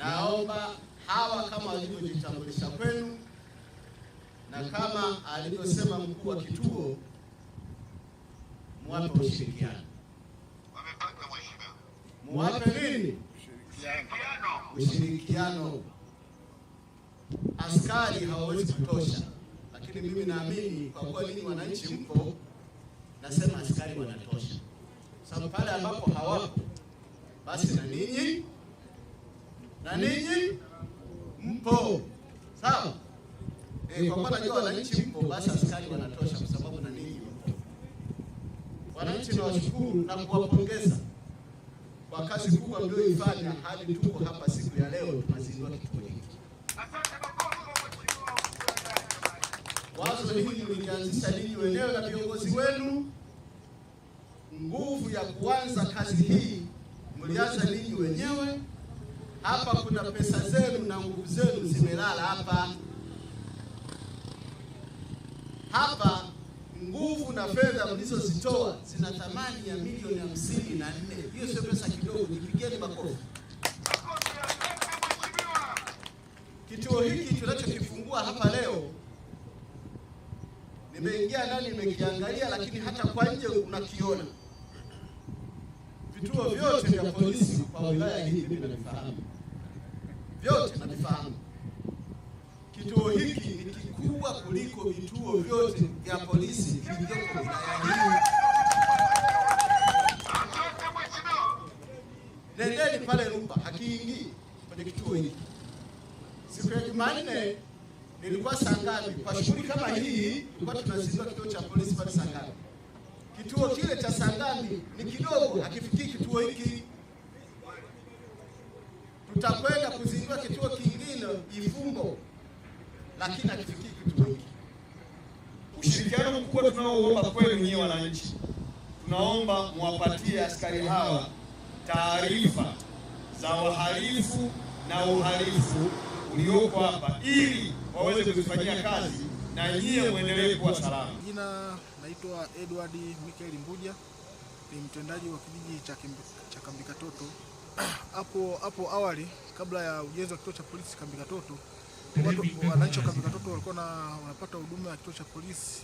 Naomba hawa kama walivyojitambulisha kwenu na kama alivyosema mkuu wa kituo, muwape ushirikiano. muwape nini? Ushirikiano. Askari hawawezi kutosha, lakini mimi naamini kwa kuwa ninyi wananchi mpo, nasema askari wanatosha, sababu pale ambapo hawapo basi na ninyi na ninyi mpo sawa. E, kwa kuwa najua wananchi mpo, basi askari wanatosha, kwa sababu na ninyi mpo. Wananchi nawashukuru na kuwapongeza kwa kazi kubwa mlioifanya hadi tuko hapa siku ya leo tunazindua kituo hiki. Wazo hili mlianzisha ninyi wenyewe na viongozi wenu. Nguvu ya kuanza kazi hii mlianza ninyi wenyewe hapa kuna pesa zenu na nguvu zenu zimelala hapa. Hapa nguvu na fedha mlizozitoa zina thamani ya milioni hamsini na nne. Hiyo sio pesa kidogo, nipigeni makofi. Kituo hiki tunachokifungua hapa leo, nimeingia ndani nimekiangalia, lakini hata kwa nje unakiona vituo vyote vya polisi kwa wilaya hii mimi navifahamu vyote, navifahamu. Kituo hiki ni kikubwa kuliko vituo vyote vya polisi vilivyoko wilaya hii. Nendeni pale Lupa, hakiingii kwenye kituo hiki. Siku ya Jumanne nilikuwa Sangapi kwa shughuli kama hii, tulikuwa tunazindua kituo cha polisi pale Sangapi. Kituo kile cha Sangapi ni kidogo, hakifiki kituo hiki, tutakwenda kuzindua kituo kingine Ifumbo, lakini hakifikii kituo hiki. Ushirikiano mkubwa tunaoomba kwenu nyie wananchi, tunaomba mwapatie askari hawa taarifa za uhalifu na uhalifu ulioko hapa ili waweze kuzifanyia kazi na nyie mwendelee kuwa salama. Jina naitwa Edward Mikael Mbuja ni mtendaji wa kijiji cha Kambikatoto. Hapo hapo awali kabla ya ujenzi wa kituo cha polisi Kambikatoto, wananchi wa Kambikatoto walikuwa wanapata huduma ya kituo cha polisi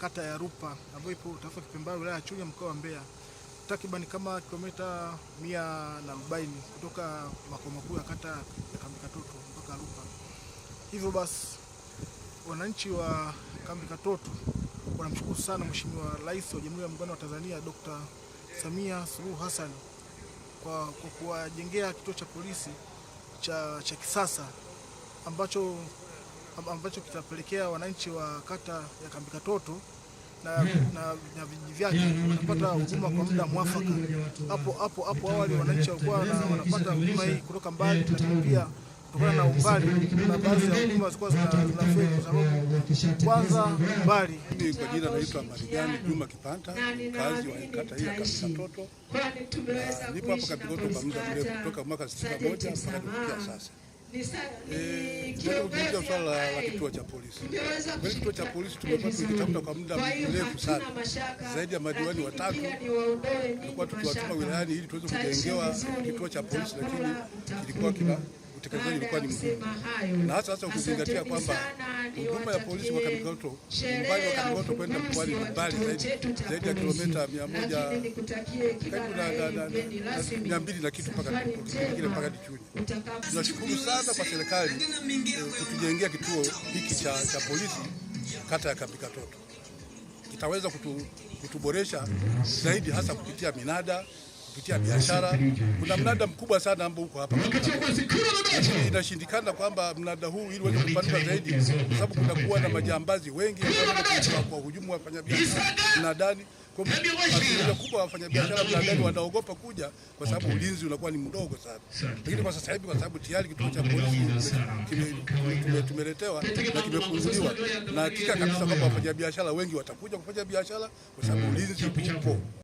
kata ya Rupa ambayo ipo tarafa Kipembaro wilaya ya Chunya mkoa wa Mbeya takriban kama kilomita mia na arobaini kutoka makao makuu ya kata ya Kambikatoto mpaka Rupa. Hivyo basi wananchi wa Kambikatoto wanamshukuru sana Mheshimiwa Rais wa Jamhuri ya Muungano wa Tanzania Dr. Samia Suluhu Hassan kwa kuwajengea kituo cha polisi cha, cha kisasa ambacho, ambacho kitapelekea wananchi wa kata ya Kambikatoto na, na, na vijiji vyake wanapata huduma kwa muda mwafaka. Hapo hapo hapo awali wananchi walikuwa wanapata huduma hii kutoka mbali, lakini pia kutokana na umbali, na baadhi ya huduma zilikuwa zinafeli kwa sababu kwanza umbali. Kwa jina naitwa Marijani Juma Kipanta, mkazi wa kata hii ya Kamsatoto. Ah, nipo hapa Kapigoto kwa muda mrefu kutoka mwaka 61 mpaka kufikia sasa. Eh, Tunapokuja swala la kituo cha polisi, kweli kituo cha polisi tumekuwa tukitafuta kwa muda mrefu sana, zaidi ya madiwani watatu tulikuwa tukiwatuma wilayani ili tuweze kujengewa kituo cha polisi, lakini kilikuwa kina utekelezaji ulikuwa ni mgumu, na hasa hasa ukizingatia kwamba huduma ya polisi kwa Kamikoto umbali wa Kamikoto kwenda Mkwali ni mbali zaidi zaidi ya kilomita mia moja karibu mia mbili na kitu kingine mpaka Dichuni. Tunashukuru sana kwa serikali eh, kutujengea kituo hiki cha polisi kata ya Kambikatoto kitaweza kutu, kutuboresha zaidi hasa kupitia minada kupitia biashara. Kuna mnada mkubwa sana ambao uko hapa, inashindikana kwamba mnada huu ili uweze kupanuka zaidi, kwa sababu kunakuwa na majambazi wengi kwa hujumu biashara mnadani asilimia kubwa wafanyabiashara mnadani wanaogopa kuja kwa sababu ulinzi unakuwa ni mdogo sana, lakini kwa sasa hivi, kwa sababu tayari kituo cha polisi tumeletewa na kimefunguliwa, na hakika kabisa kwamba wafanyabiashara wengi watakuja kufanya biashara kwa sababu mm. ulinzi upo.